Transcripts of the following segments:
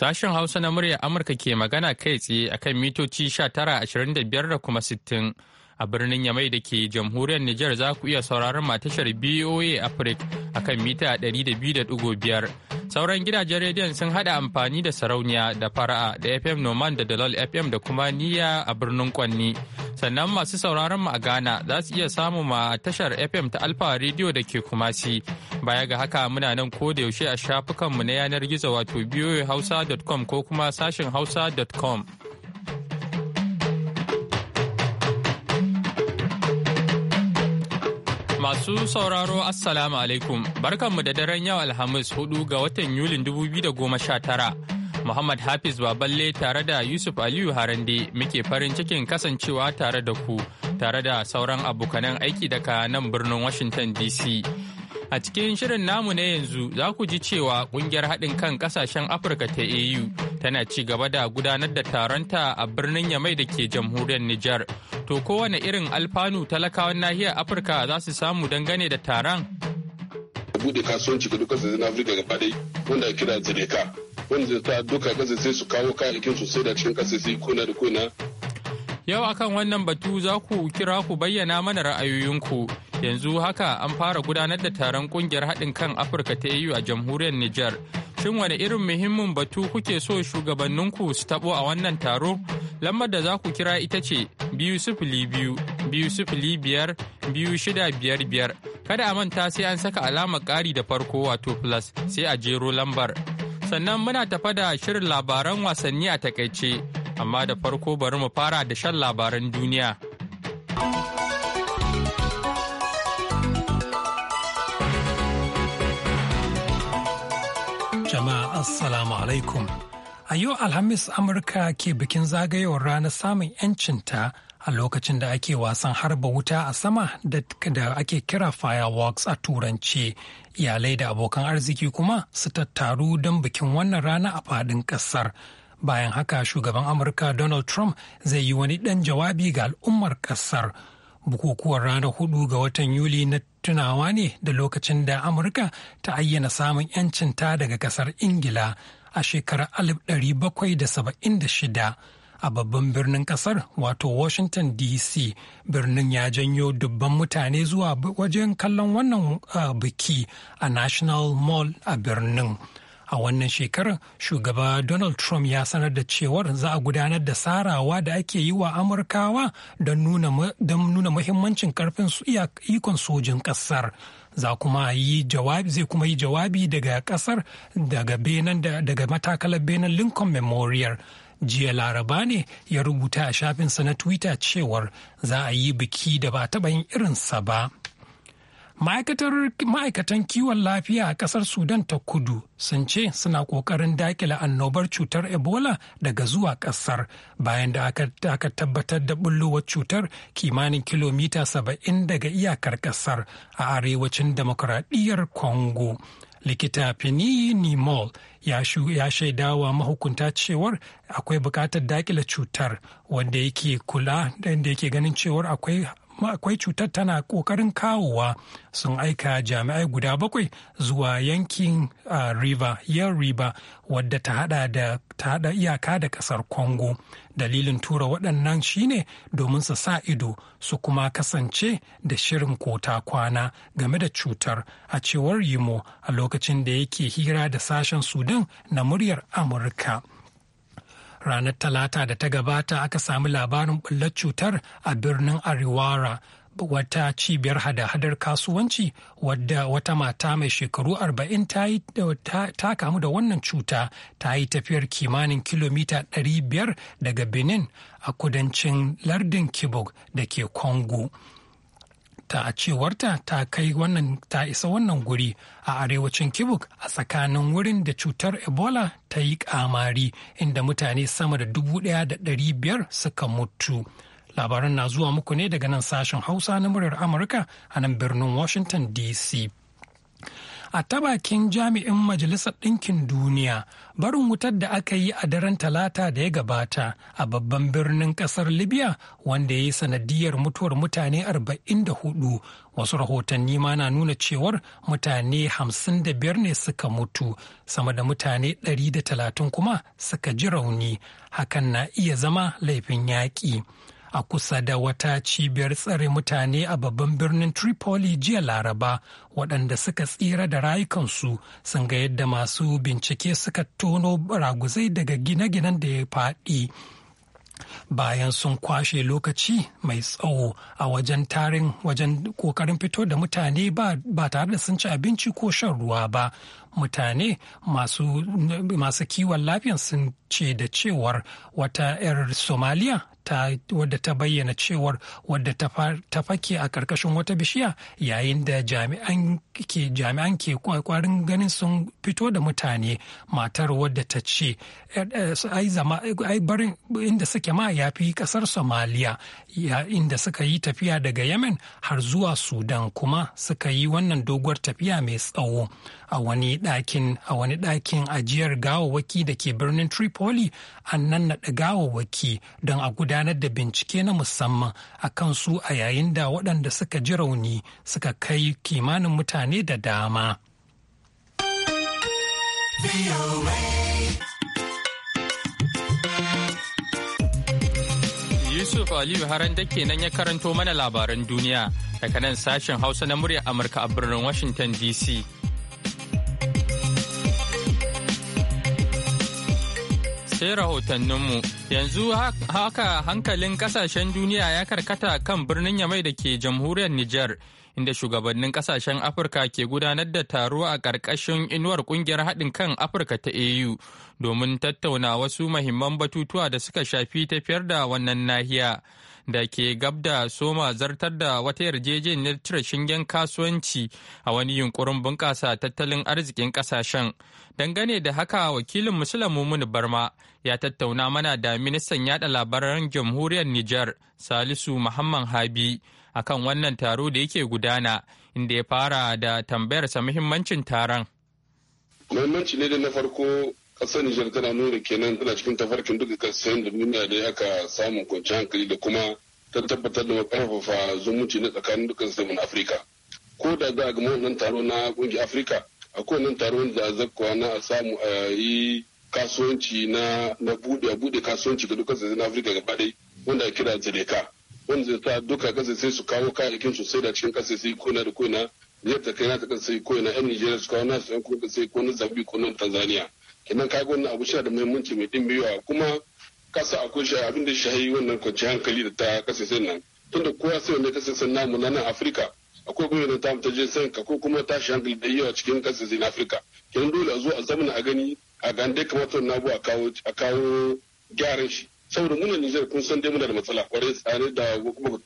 Sashen Hausa na murya Amurka ke magana kai tsaye akan mitoci tara 1925 da kuma sittin a birnin Yamai da ke jamhuriyar Nijar za ku iya sauraron matashar BOA Africa akan mita 200.5. Sauran gidajen rediyon sun haɗa amfani da sarauniya da fara'a da FM Noman da Dalol FM da kuma Niyya a birnin Kwanni. Sannan masu sauraron mu a Ghana za su iya samu ma tashar FM ta Alfa Radio da ke Kumasi. Baya ga haka muna nan ko da yaushe a shafukanmu na yanar gizo wato biyoyi hausa.com ko kuma sashin hausa.com. Masu sauraro Assalamu alaikum barkanmu da daren yau Alhamis 4 ga watan Yulin 2019. Muhammad Hafiz Baballe tare da Yusuf Aliyu Harande muke farin cikin kasancewa tare da ku tare da sauran abokanan aiki daga nan birnin Washington DC. A cikin shirin namu na yanzu za ku ji cewa kungiyar haɗin kan ƙasashen Afirka ta AU tana ci gaba da gudanar da taronta a birnin Yamai da ke jamhuriyar Nijar. To kowane irin alfanu talakawan nahiyar Afirka za su samu dangane da taron? Bude kasuwanci ga dukkan sassan Afirka gaba dai wanda kira Zireka wanda ta duka ƙasa sai su kawo kayayyakin sosai da cikin ƙasa sai kuna da kuna Yau akan wannan batu za ku kira ku bayyana mana ra'ayoyinku. yanzu haka an fara gudanar da taron kungiyar haɗin kan afirka ta eu a jamhuriyar niger shin wani irin muhimmin batu kuke so shugabanninku su taɓo a wannan taro lambar da za ku kira ita ce biyu sifili biyu biyu sifili biyar biyu shida biyar biyar kada a manta sai an saka alamar ƙari da farko wato plus sai a jero lambar sannan muna tafa da shirin labaran wasanni a takaice amma da farko bari mu fara da shan labaran duniya. alaikum. A yau Alhamis Amurka ke bikin zagayowar ranar samun 'yancinta a lokacin da ake wasan harba wuta a sama da ake kira fireworks a turanci. Iyalai da abokan arziki kuma su tattaru don bikin wannan rana a faɗin ƙasar. Bayan haka shugaban Amurka Donald Trump zai yi wani ɗan jawabi ga al'ummar ƙasar. bukukuwan ranar hudu ga watan Yuli na tunawa ne da lokacin da Amurka ta ayyana samun 'yancinta daga kasar Ingila. a shekarar 1776 a babban birnin kasar wato Washington DC birnin ya janyo dubban mutane zuwa wajen kallon wannan uh, biki a National Mall a birnin. A wannan shekarar shugaba Donald Trump ya sanar da cewar za a gudanar da sarawa da ake yi wa Amurkawa don nuna muhimmancin karfin ikon sojin kasar. za kuma yi jawabi zai kuma yi jawabi daga kasar daga benin daga matakalar benin lincoln memorial jiya laraba ne ya rubuta a shafinsa na twitter cewar za a yi biki da ba taɓa yin irinsa ba ma'aikatan kiwon lafiya a kasar sudan ta kudu sun ce suna kokarin dakile annobar cutar ebola daga zuwa kasar bayan da aka tabbatar da bullowar cutar kimanin kilomita 70 daga iyakar kasar a arewacin demokuraɗiyyar congo likita Penny Nimol ya shaidawa mahukunta cewar akwai bukatar dakila cutar wanda yake kula da yake ganin cewar akwai kuma akwai cutar tana kokarin kawowa sun aika jami'ai guda bakwai zuwa yankin uh, river yan river wadda ta hada da ta hada iyaka da kasar congo dalilin tura waɗannan shine domin su sa ido su kuma kasance da shirin kota kwana game da cutar a cewar yimo a lokacin da yake hira da sashen sudan na muryar amurka. ranar talata da ta gabata aka sami labarin bullar cutar a birnin ariwara wata cibiyar hada-hadar kasuwanci wadda wata mata mai shekaru 40 ta kamu da wannan cuta ta yi tafiyar kimanin kilomita 500 daga benin a kudancin lardin kibok da ke congo ta a cewarta ta kai wannan ta isa wannan guri a arewacin kibuk a tsakanin wurin da cutar ebola ta yi kamari inda mutane sama da dubu da biyar suka mutu labaran na zuwa muku ne daga nan sashen hausa na murar amurka a nan birnin washington dc a ta bakin jami'in majalisar ɗinkin duniya barin wutar da aka yi a daren talata da ya gabata a babban birnin ƙasar libya wanda ya yi sanadiyar mutuwar mutane 44 wasu rahotanni ma na nuna cewar mutane 55 ne suka mutu sama da mutane 130 kuma suka ji rauni hakan na iya zama laifin yaƙi. a kusa da wata cibiyar tsare mutane a babban birnin Tripoli jiya Laraba waɗanda suka tsira da rayukansu sun ga yadda masu bincike suka tono raguzai daga gine-ginen da ya faɗi. bayan sun kwashe lokaci mai tsawo a wajen tarin wajen kokarin fito da mutane ba tare da sun ci abinci ko shan ruwa ba mutane masu, kiwon lafiyan sun ce da cewar wata 'yar somaliya ta wadda ta bayyana cewar wadda ta fake a karkashin wata bishiya yayin da jami'an ke kwarin ganin sun fito da mutane matar wadda ta ce er, er, ai barin inda suke ma ya fi kasar somaliya inda suka yi tafiya daga yamen har zuwa Sudan kuma suka yi wannan doguwar tafiya mai tsawo a wani ɗakin a wani ɗakin ajiyar gawawwaki da ke birnin Tripoli an nannaɗa gawawwaki don a gudu gudanar da bincike na musamman a kansu a yayin da waɗanda suka ji rauni suka kai kimanin mutane da dama. Yusuf Aliyu Haran da kenan ya karanto mana labaran duniya daga nan sashen Hausa na muryar Amurka a birnin Washington DC. sai rahotanninmu yanzu haka hankalin kasashen duniya ya karkata kan birnin yamai da ke jamhuriyar Nijar inda shugabannin kasashen afirka ke gudanar da taro a ƙarƙashin inuwar ƙungiyar haɗin kan afirka ta au domin tattauna wasu mahimman batutuwa da suka shafi tafiyar da wannan nahiya da ke gab da soma zartar da wata yarjejeniyar cire shingen kasuwanci a wani yunkurin bunƙasa tattalin arzikin ƙasashen dangane da haka wakilin musulun mumuni barma ya tattauna mana da ministan yada labaran jamhuriyar niger salisu muhammad habi akan wannan taro da yake gudana inda ya fara da tambayarsa muhimmancin taron. Muhimmanci ne da na farko kasar Nijar tana nuna kenan tana cikin tafarkin duka kasashen da duniya da aka samun kwanciyar hankali da kuma ta tabbatar da ƙarfafa zumunci na tsakanin dukkan saman Afirka. Ko da za a gama wannan taro na kungiyar Afirka akwai wannan taro wanda a zakkuwa na samu a yi kasuwanci na bude a bude kasuwanci ga dukkan sassan Afirka gaba ɗaya wanda a kira Zeleka. wanda zai ta duka kasa sai su kawo kayayyakin su sai da cikin kasa sai kona da kona yadda kai na ta kasa ko na yan Nigeria su kawo nasu yan kuka sai ko na Zambi ko na Tanzania kenan kai wannan abu shi da muhimmanci mai din yawa kuma kasa akwai shi abin da shahi wannan kwanci hankali da ta kasa sai nan tunda kowa sai wanda kasa sai namu na nan Afirka akwai gwamnati ta ta je sai ka ko kuma tashi hankali da yawa cikin kasa sai na Afirka kenan dole a zo a zamana a gani a gande kamata wannan abu a kawo a kawo gyaran shi saboda muna Nijar kun san dai muna da matsala kwarai tsare da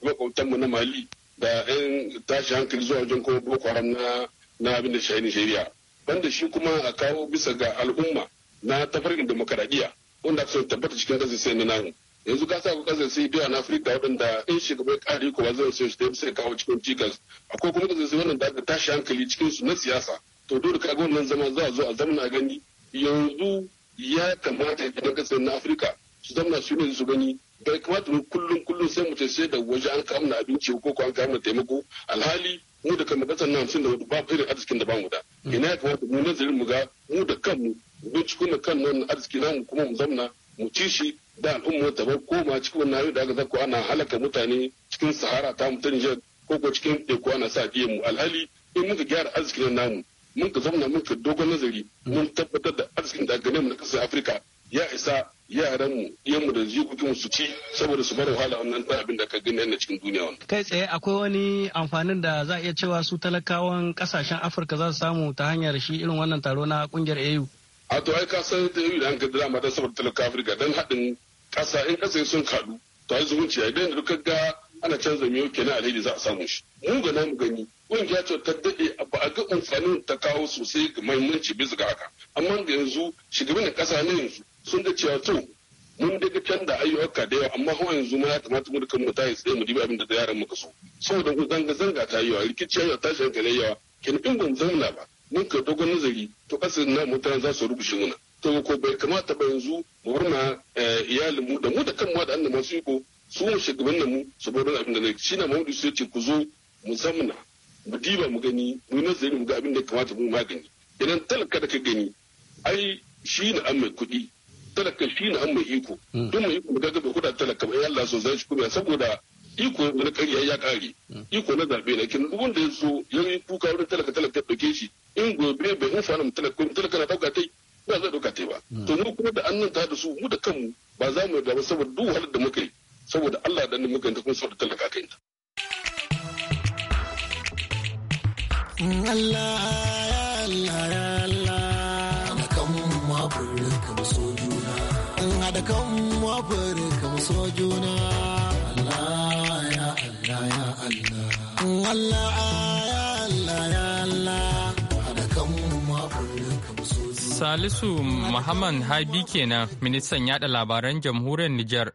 makwabtan mu na Mali da yan tashi hankali zuwa wajen kuma Boko Haram na na abin da shayi Nijeriya banda shi kuma a kawo bisa ga al'umma na tafarkin demokaradiyya wanda aka tabbata cikin kasa sai na nan yanzu ka sa ku kasa sai biya na Afirka waɗanda in shugaban ƙari ko zai sai shi sai kawo cikin cikas akwai kuma kasa sai wannan da aka tashi hankali cikin su na siyasa to dole ka ga wannan zama za a zo a zamana gani yanzu ya kamata idan kasar na Afirka su zamna su ne su gani bai kamata mu kullum kullum sai mu sai da waje an kawo na abinci ko ko an kawo na taimako alhali mu da kan kasan nan sun da babu irin arzikin da bamu da mm. ina ya kamata mu nazarin mu ga mu da kanmu cikin da kan nan arziki namu kuma mu zamna mu ci shi da al'umma ta bar koma cikin wannan ayyuka da aka zako ana halaka mutane cikin sahara ta mu ta Nijar ko ko cikin teku ana sa biyan mu alhali in muka gyara arzikin namu mun ka zamna mun ka dogon nazari mun tabbatar da arzikin da ganin mu na kasar Afirka ya isa Yaran mu yaranmu mu da jikokin su ci saboda su bar wahala wannan ɗan abin da ka gani yana cikin duniya wannan. Kai tsaye akwai wani amfanin da za a iya cewa su talakawan kasashen Afirka za su samu ta hanyar shi irin wannan taro na kungiyar AU. A to ai ka san ta AU da an da mata saboda talakawan Afirka dan haɗin ƙasa in ƙasa sun kaɗu to ai zumunci ai dan duka ga ana canza miyo kenan alheri za a samu shi. Mu ga namu gani kungiya ce ta daɗe ba a ga amfanin ta kawo sosai ga mahimmanci bisa ga haka amma da yanzu shugaban ƙasa ne yanzu sun ga cewa to mun daga can da ayyuka da yawa amma kuma yanzu mun ya kamata mu dukan mu ta yi tsaye mu dibi abin da yaran muka so saboda ku zanga zanga ta yi yawa rikici yawa shan hankali yawa kin in ban zauna ba mun ka dogon nazari to asirin na mutane za su rubuce muna to ko bai kamata ba yanzu mu bar ma eh, iyalin mu da mu da kan mu da su yi ko su mu shugaban mu su bar abin da zai shi na maudu sai ce ku zo mu zamna mu diba mu gani mu nazari mu ga abin da kamata mu magani idan talaka da ka gani ai shi ne an mai kuɗi talaka shi na an mai iko hmm. duk mai iko da gaba kuɗa talaka ba Allah so zai shi kuma saboda iko na kai ya kare hmm. iko na zaɓe ne kin duk wanda ya so ya yi kuka wurin talaka talaka ke shi in gobe bai in fara talaka talaka na ɗauka tai ba zai ɗauka tai ba hmm. to mu kuma da an nan ta da su mu da kanmu ba za mu yarda ba saboda duk halin da muka yi saboda Allah dan muka yi ta kun saboda talaka kai Salisu Muhammad Habi kenan ministan yada labaran jamhuriyar Nijar.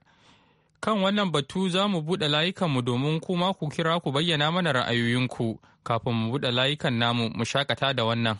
Kan wannan batu za mu buɗe layukanmu domin kuma ku kira ku bayyana mana ra'ayoyinku kafin mu buɗe layukan namu mu shakata da wannan.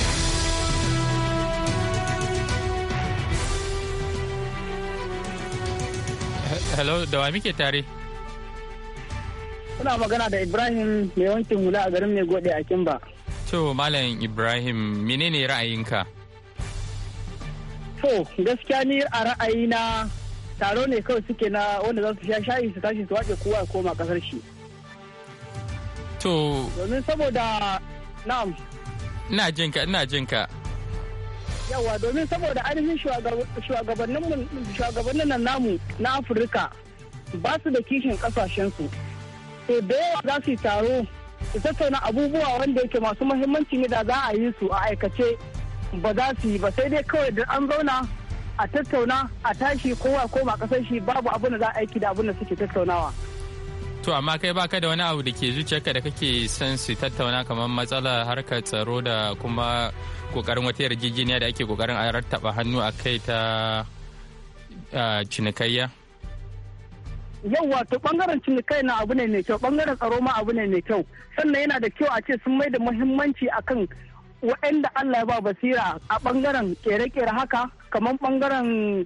Hello, da wa muke tare? Kuna magana da Ibrahim mai wankin hula a garin mai gode a Kimba. To, Malam Ibrahim, menene ra'ayinka? To, gaskiya ni a ra'ayina taro ne kawai suke na wanda za su sha shayi su tashi su wace kowa koma kasar shi. To. Domin saboda na'am. Ina jinka, ina jinka. yawa domin saboda ainihin shugabannin nan namu na afirka ba su da kishin kasashensu to da yawa za su yi taro su tattauna abubuwa wanda yake masu muhimmanci ne da za a yi su a aikace ba za su yi ba sai dai kawai da an zauna a tattauna a tashi kowa koma kasar shi babu abin da za a aiki da abin da suke tattaunawa To amma kai baka da wani abu da ke zuciyarka da kake son su tattauna kamar matsalar harkar tsaro da kuma kokarin wata yarjejeniya da ake kokarin a rattaba hannu a kai ta cinikayya? yau wato bangaren cinikayya na abu ne mai kyau bangaren tsaro ma abu ne mai kyau sannan yana da kyau a ce sun mai da muhimmanci akan waɗanda Allah ya ba basira a bangaren kere-kere haka kamar bangaren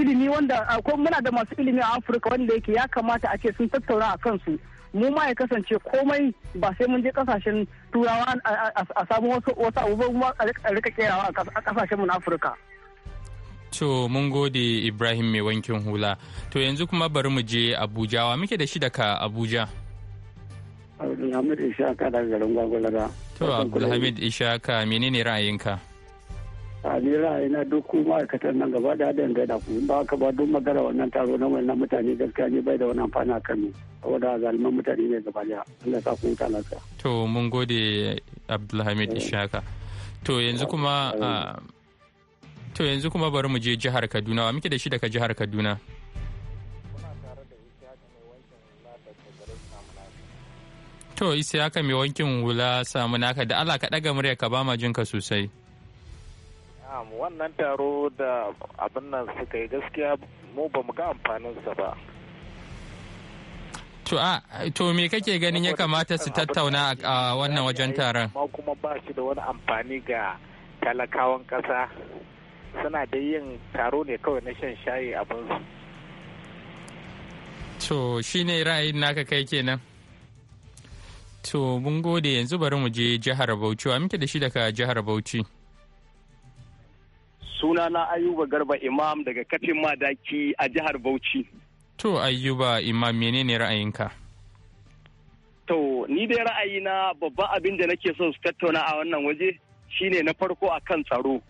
ilimi wanda ko muna da masu ilimi a afirka wanda yake ya kamata a ce sun tattauna a kansu mu ma ya kasance komai ba sai mun je kasashen turawa a samu wasu abubuwan a rika kerawa a kasashen mu na afirka to mun gode ibrahim mai wankin hula to yanzu kuma bari mu je abuja wa muke da shi daga abuja abdulhamid ishaka daga garin gwagwalara to abdulhamid ishaka menene ra'ayinka a ni ra'ayi na duk ma'aikatan nan gaba da haɗin da kuma ba ka ba duk magana wannan taro na wannan mutane gaskiya ne bai da wani amfani a kanu saboda zaliman mutane ne gaba da Allah sa ku ta lafiya to mun gode Abdulhamid eh. Ishaka to yanzu ah, kuma ah, ah, to yanzu kuma bari mu je jihar Kaduna wa muke da shi daga jihar Kaduna To, isa haka mai wankin wula samu naka da Allah ka ɗaga murya ka ba ma jinka sosai. Na'am wannan taro da abin nan suka yi gaskiya mu ba mu ga amfaninsa ba. To, a, to me kake ganin ya kamata su tattauna a wannan wajen taron? kuma ba shi da wani amfani ga talakawan kasa suna da yin taro ne kawai na shan shayi su To, shi ne ra'ayin naka kai kenan. To, mun gode yanzu bari mu je jihar Bauchi, wa muke da shi daga jihar Bauchi. Suna na ayuba garba imam daga kafin madaki a jihar bauchi to ayuba imam menene ra'ayinka to ni dai ra'ayina babban abin da nake son su tattauna a wannan waje shine na farko akan tsaro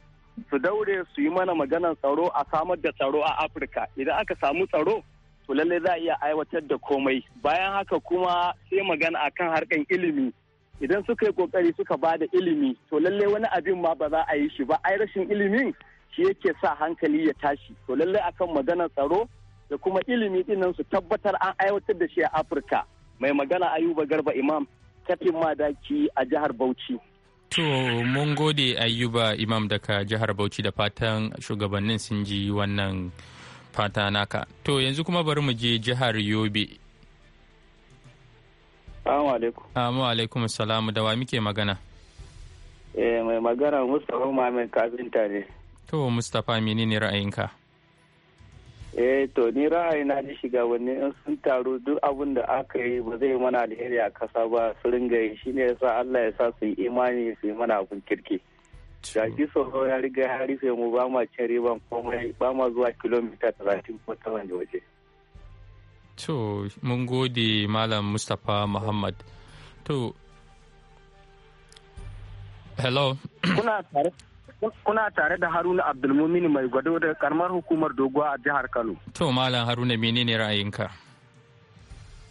su daure su yi mana maganar tsaro a samar da tsaro a afirka idan aka samu tsaro to lallai za a iya aiwatar da komai bayan haka kuma sai magana akan harkan ilimi idan suka yi kokari suka ba da ilimi to lallai wani abin ma ba za a yi shi ba ai rashin ilimin shi yake sa hankali ya tashi to lallai akan maganar tsaro da kuma ilimi dinnan su tabbatar an aiwatar da shi a afirka mai magana ayuba garba imam kafin madaki a jihar bauchi to mun gode ayuba imam daga jihar bauchi da fatan shugabannin sun ji wannan fata naka to yanzu kuma bari mu je jihar yobe Assalamu alaikum. Assalamu ah, alaikum salamu da wa muke magana? Eh mai magana Mustapha Muhammad Kafinta ne. To Mustapha menene ra'ayinka? Eh to ni ra'ayi na ji wani in sun taru duk abin da aka yi ba zai mana alheri a kasa ba su ringa yi shine yasa Allah ya sa su yi imani su yi mana abin kirki. ji sauro ya riga ya rufe mu ba ma cin riban komai ba ma zuwa kilomita talatin ko ta wani waje. To mun gode Malam Mustapha Muhammad. To Hello. Kuna tare? kuna tare da Haruna Abdulmumin mai gwado da karamar hukumar doguwa a jihar Kano. To Malam Haruna menene ra'ayinka?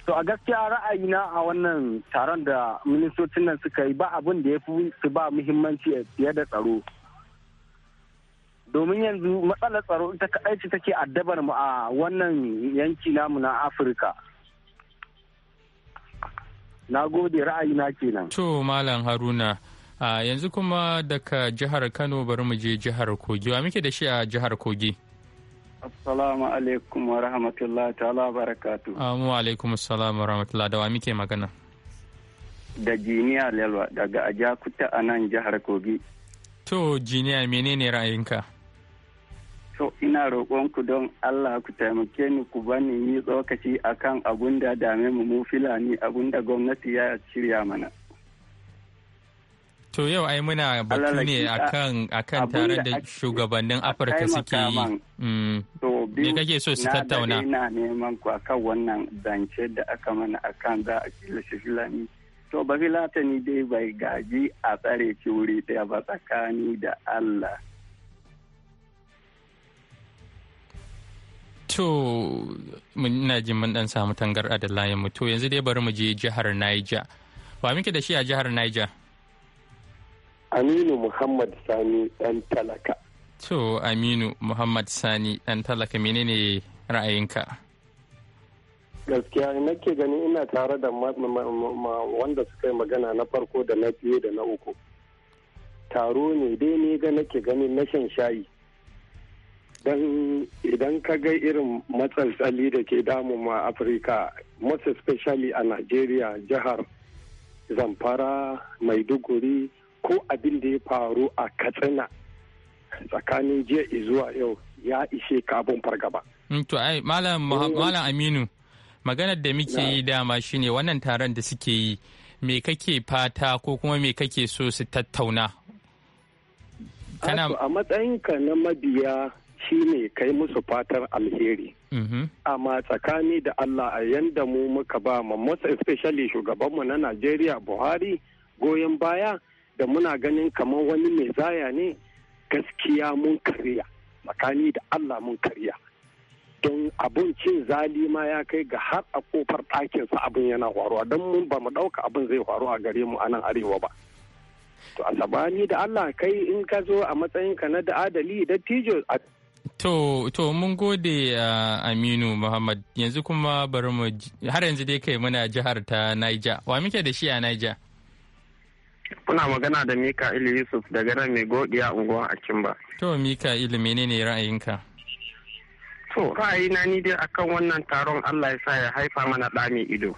To a gaskiya ra'ayina a wannan taron da ministocin nan suka yi ba abin da ya fi su ba muhimmanci fiye da tsaro. Domin yanzu matsalar tsaro ita kaɗai ce take addabar mu a wannan yanki namu na Afirka. Na gode ra'ayina kenan. To Malam Haruna. a yanzu kuma daga jihar kano bari mu je jihar kogi wa muke da shi a jihar kogi assalamu alaikum wa rahmatullahi ta'ala barakatu amu alaikum assalamu wa rahmatullahi da wa muke magana da jiniya lelwa daga ajakuta a nan jihar kogi to jiniya menene ra'ayinka to ina ku don allah ku taimake ni ku bani ni tsokaci akan abun da dame mu mu filani abun da gwamnati ya shirya mana To yau ai muna batu ne akan kan taron da shugabannin Afirka suke yi. Mm. To kake so su tattauna? Ina neman ku akan wannan zance da aka mana a kan za a kila To ba Filatani dai bai gaji a tsare ki wuri ɗaya ba tsakani da Allah. To ina jin mun dan samu tangarɗa da to yanzu dai bari mu je jihar Niger. Wa muke da shi a jihar Niger? Aminu Muhammad Sani ɗan talaka. To Aminu Muhammad Sani ɗan talaka menene ra'ayinka? Gaskiya nake gani ina tare da wanda suka yi magana na farko da na biyu da na uku. Taro ne dai ne ga nake gani na shan shayi. Don idan ka ga irin matsaltsali da ke damu ma Afirka, most especially a Najeriya jihar Zamfara, Maiduguri, ko abin da ya faru a katsina tsakanin jiya zuwa yau ya ishe kabon fargaba. Mm, to ai eh. malam aminu maganar da muke yi dama shine wannan taron da suke yi me kake fata ko kuma me kake so su tattauna a matsayinka na mabiya shine kai musu fatar alheri mm-hmm. amma tsakani da allah a yanda mu muka ba ma most especially shugabanmu na najeriya buhari goyon baya da muna ganin kamar wani mai zaya ne gaskiya mun karya makani da Allah mun karya don abun cin zali ma ya kai ga har a kofar ɗakinsa abin yana faruwa don mun ba mu ɗauka abin zai faru a gare mu a nan arewa ba to a sabani da Allah kai in ka zo a matsayinka na da adali da tijo a To, to mun gode Aminu Muhammad yanzu kuma bari mu har yanzu dai kai muna jihar ta Niger. Wa muke da shi a Niger? Kuna magana da Mika'il Yusuf daga nan mai godiya unguwa a Kimba. To Mika'il menene ra'ayinka? To ra'ayina ni dai akan wannan taron Allah ya sa ya haifa mana ɗa mai ido.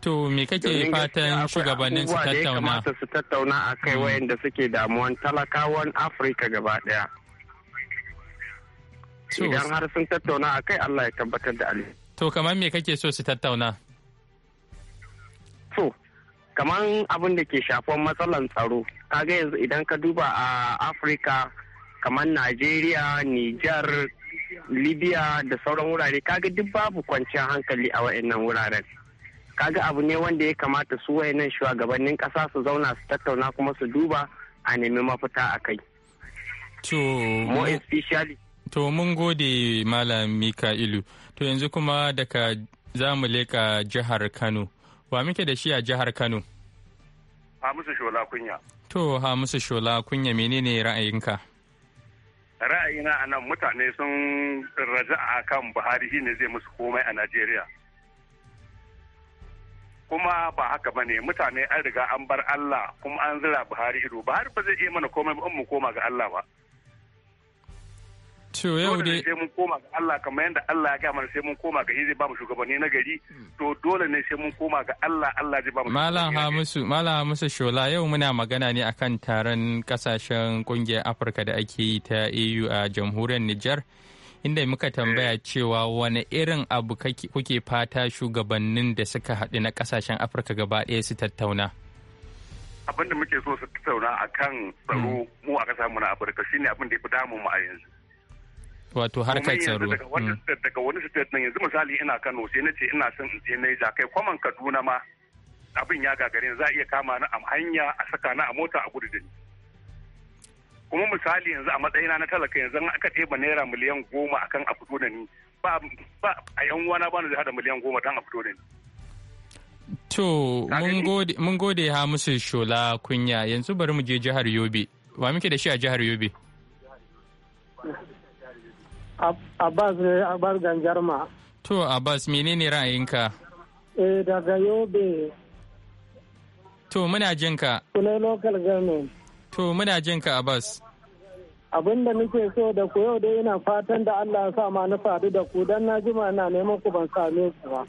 To me kake fatan shugabannin su tattauna? kamata su tattauna a kai hmm. wayanda suke damuwan talakawan Afirka gaba ɗaya. Idan har sun tattauna a kai Allah ya tabbatar da alheri. To kamar me kake so su tattauna? To kaman abin da ke shafon matsalan tsaro kaga yanzu idan ka duba a afirka kaman nigeria niger libya da sauran wurare kaga duk babu kwanciyar hankali a waannan wuraren kaga abu ne wanda ya kamata su wayannan shugabannin kasa su zauna su tattauna kuma su duba a nemi mafita a kai to mun gode malam ilu to yanzu kuma daga za mu leka jihar kano Wa muke da shi a jihar Kano? Hamisu Shola Kunya. To Hamisu Shola Kunya menene ra'ayinka? Ra'ayina a nan mutane sun a kan Buhari shi ne zai musu komai a Najeriya. kuma ba haka ba ne mutane an riga an bar Allah kuma an zira Buhari ido Buhari ba zai iya mana komai ba in mu koma ga Allah ba. To yau dai sai mun koma ga Allah kamar yadda Allah ya mana sai mun koma ga zai ba mu shugabanni na gari to dole ne sai mun koma ga Allah Allah zai ba mu Malam Hamisu Malam Hamisu Shola yau muna magana ne akan taron kasashen kungiyar Afirka da ake yi ta EU a jamhuriyar Nijar inda muka tambaya eh. cewa wani irin abu kuke fata shugabannin da suka haɗu na kasashen Afirka gaba ɗaya su tattauna. abin da muke so su tattauna a kan tsaro hmm. mu a ƙasar mu na afirka shine abin da ya fi damun mu a yanzu wato harkar tsaro mm. daga wani state nan yanzu misali ina Kano sai na ce ina son in je Niger kai kwaman Kaduna ma abin ya gagare za a iya kama ni a hanya a saka ni a mota a gudu da ni kuma misali yanzu a matsayina na talaka yanzu aka ɗeba naira miliyan goma akan a fito da ni ba a yan uwana ba zai hada miliyan goma dan a fito da ni To, mun gode ha musu shola kunya yanzu bari mu je jihar Yobe. Wa muke da shi a jihar Yobe? Abbas ne Abbas Ganjarma. To Abbas menene ra'ayinka? Eh daga Yobe. To muna jinka. Kuna local government. To muna jinka Abbas. abin da nake so da ku yau dai yana fatan da Allah ya sa ma na sadu da ku dan na jima na neman ku ban same ku ba.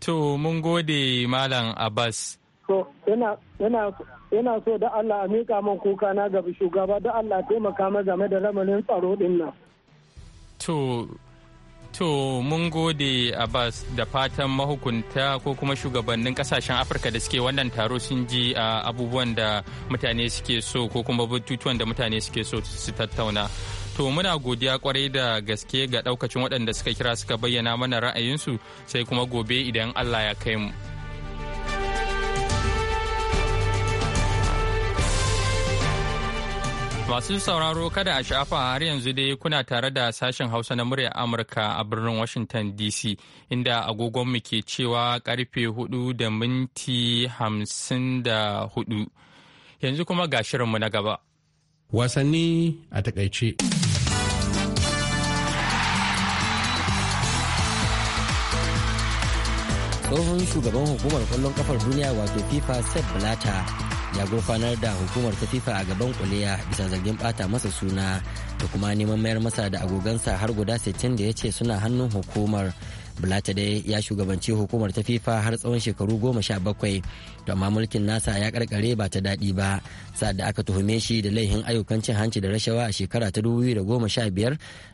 To mun gode Malam Abbas. To ina ina ina so da Allah a miƙa min kuka na gaba shugaba da Allah taimaka min game da lamarin tsaro din nan. To, To mun gode Abbas da fatan mahukunta ko kuma shugabannin kasashen Afirka da suke wannan taro sun ji abubuwan da mutane suke so ko kuma batutuwan da mutane suke so su tattauna. To muna godiya kwarai da gaske ga daukacin waɗanda suka kira suka bayyana mana ra'ayinsu sai kuma gobe idan Allah ya kai Masu sauraro kada a shafa har yanzu dai kuna tare da sashen Hausa na muryar Amurka a birnin Washington DC inda agogonmu ke cewa karfe hudu da minti hudu. Yanzu kuma ga shirinmu na gaba. Wasanni a takaice. Tsohon shugaban hukumar kwallon kafar duniya wato FIFA Sepp Blatter ya gurfanar da hukumar ta fifa a gaban kuliya bisa zargin bata masa suna da kuma neman mayar masa da agogansa har guda 60 da ya ce suna hannun hukumar blatter dai ya shugabanci hukumar ta fifa har tsawon shekaru goma sha bakwai to amma mulkin nasa ya karkare ba ta daɗi ba sa'ad da aka tuhume shi da laihin ayyukan cin hanci da rashawa a shekara ta 2015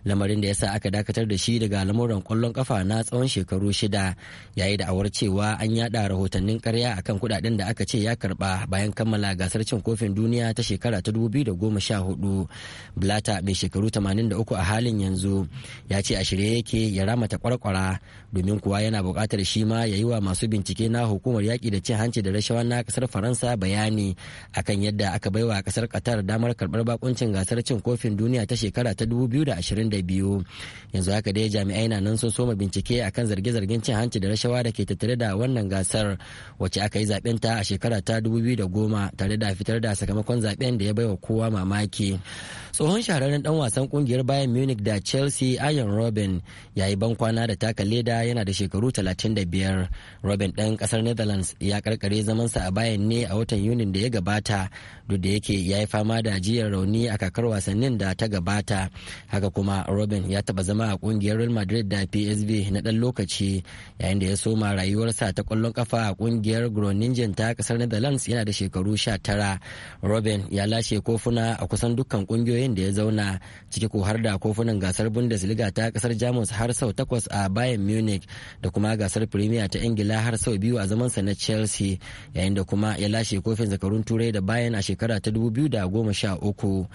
lamarin da ya sa aka dakatar da shi daga lamuran kwallon kafa na tsawon shekaru shida yayi da awar cewa an yada rahotannin karya akan kudaden da aka ce ya karba bayan kammala gasar cin kofin duniya ta shekara ta 2014 blata mai shekaru 83 a halin yanzu ya ce a shirye yake ya ramata kwarkwara domin kuwa yana buƙatar shi ma ya yi wa masu bincike na hukumar yaƙi da cin hanci da rashawa na kasar faransa bayani akan yadda aka baiwa kasar qatar damar karbar bakuncin gasar cin kofin duniya ta shekara ta 2022 yanzu haka dai jami'ai na nan sun soma bincike akan zarge-zargen cin hanci da rashawa da ke tattare da wannan gasar wacce aka yi zaben ta a shekara ta 2010 tare da fitar da sakamakon zaben da ya baiwa kowa mamaki tsohon shahararren dan wasan kungiyar bayan munich da chelsea ayan robin ya yi bankwana da taka leda yana da shekaru 35 robin dan kasar netherlands ya karkare zamansa a bayan ne a watan yunin da ya gabata duk da yake ya yi fama da ajiyar rauni a kakar wasannin da ta gabata haka kuma robin ya taba zama a kungiyar real madrid da psv na dan lokaci yayin da ya soma rayuwarsa ta kwallon kafa a kungiyar groningen ta kasar netherlands yana da shekaru sha tara robin ya lashe kofuna a kusan dukkan kungiyoyin da ya zauna ciki ko har da kofunan gasar bundesliga ta kasar jamus har sau takwas a bayan munich da kuma gasar premier ta ingila har sau biyu a zamansa na chelsea yayin da kuma ya lashe kofin zakarun turai da bayan a shekara ta 2013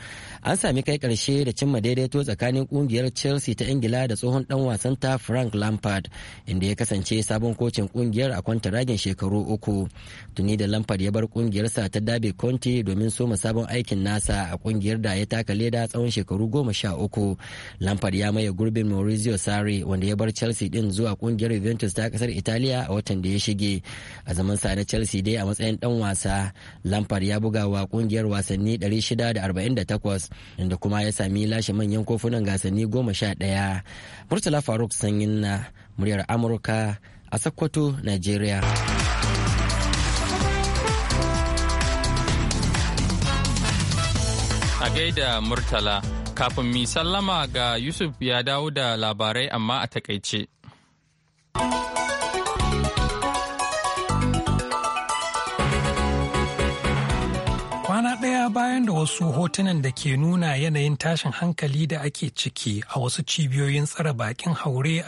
an sami kai karshe da cimma daidaito tsakanin kungiyar chelsea ta ingila da tsohon dan ta frank lampard inda ya kasance sabon kocin kungiyar a kwanta ragin shekaru uku tuni da lampard ya bar kungiyarsa ta dabe conte domin soma sabon aikin nasa a kungiyar da ya taka leda tsawon shekaru goma sha uku lampard ya maye gurbin maurizio sarri wanda ya bar chelsea din zuwa kungiyar juventus ta kasar italiya a watan da ya shige a zaman sa na chelsea chelsea dai a matsayin dan wasa lampard ya buga wa kungiyar wasanni 648 inda kuma ya sami lashe manyan kofunan gasanni 11 murtala faruk sanyin na muryar amurka a sokoto nigeria a gaida murtala kafin mi sallama ga yusuf ya dawo da labarai amma a takaice. bayan da wasu hotunan da ke nuna yanayin tashin hankali da ake ciki a wasu cibiyoyin tsara bakin haure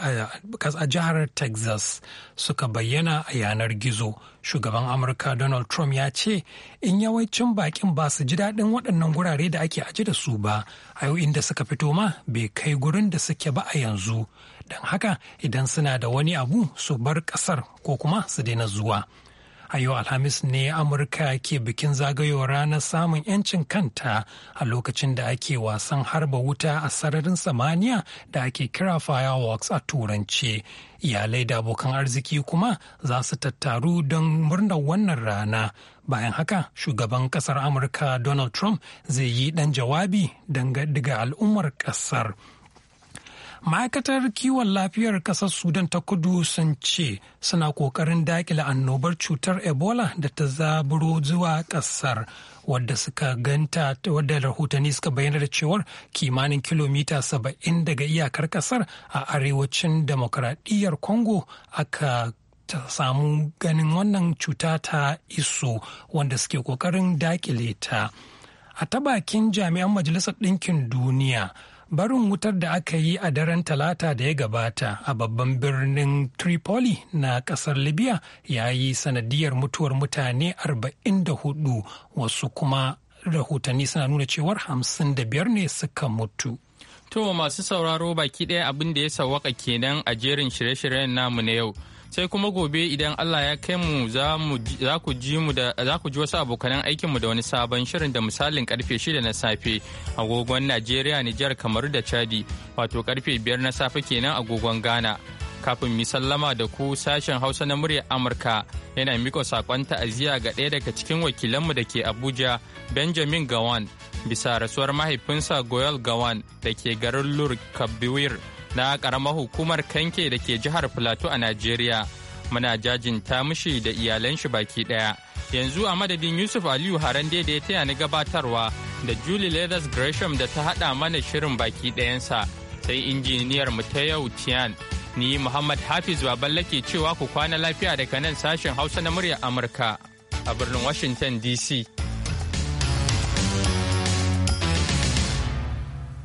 a jihar Texas suka bayyana a yanar gizo, shugaban Amurka Donald Trump ya ce in yawancin bakin ba su ji daɗin waɗannan gurare da ake aji da su ba, a yau inda suka fito ma bai kai gurin da suke ba a yanzu. Don haka idan suna da wani abu su bar ƙasar ko kuma su daina zuwa. A yau Alhamis ne Amurka ke bikin zagayowar ranar samun 'yancin kanta a lokacin da ake wasan harba wuta a sararin samaniya da ake kira fireworks a turanci. Iyalai da abokan arziki kuma za su tattaru don murnar wannan rana. Bayan haka, shugaban kasar Amurka Donald Trump zai yi ɗan jawabi daga al'ummar ƙasar. ma'aikatar kiwon lafiyar ƙasar sudan ta kudu sun ce suna ƙoƙarin daƙile annobar cutar ebola da ta zaburo zuwa ƙasar, wadda suka ganta wadda rahotanni suka bayyana da cewar kimanin kilomita saba'in daga iyakar ƙasar a arewacin demokradiyyar congo aka ta samu ganin wannan cuta ta iso wanda suke ƙoƙarin dakile ta a ta bakin jami'an majalisar ɗinkin duniya barin wutar da aka yi a daren talata da ya gabata a babban birnin tripoli na kasar libya ya yi sanadiyar mutuwar mutane 44 wasu kuma rahotanni suna nuna cewar 55 ne suka mutu to masu sauraro baki daya abin da ya sawaka kenan a jerin shirye-shiryen namu na yau sai kuma gobe idan Allah ya kai mu za ku ji wasu abokanan aikin mu da wani sabon shirin da misalin karfe 6 na safe agogon Najeriya Nijar kamar da Chadi wato karfe 5 na safe kenan agogon Ghana kafin mi sallama da ku sashen Hausa na muryar Amurka yana miko sakon ta'aziyya ga ɗaya daga cikin wakilanmu da ke Abuja Benjamin Gawan bisa rasuwar mahaifinsa Goyal Gawan da ke garin Lur Kabiwir na karamar hukumar kanke da ke jihar Filato a Najeriya. Muna jajinta mishi da iyalan shi baki ɗaya. Yanzu a madadin Yusuf Aliyu Harande da ya taya ni gabatarwa da Julie Leathers Gresham da ta haɗa mana shirin baki ɗayansa sai injiniyar mu ta yau Tian. Ni Muhammad Hafiz Baballe ke cewa ku kwana lafiya daga nan sashen Hausa na muryar Amurka a birnin Washington DC.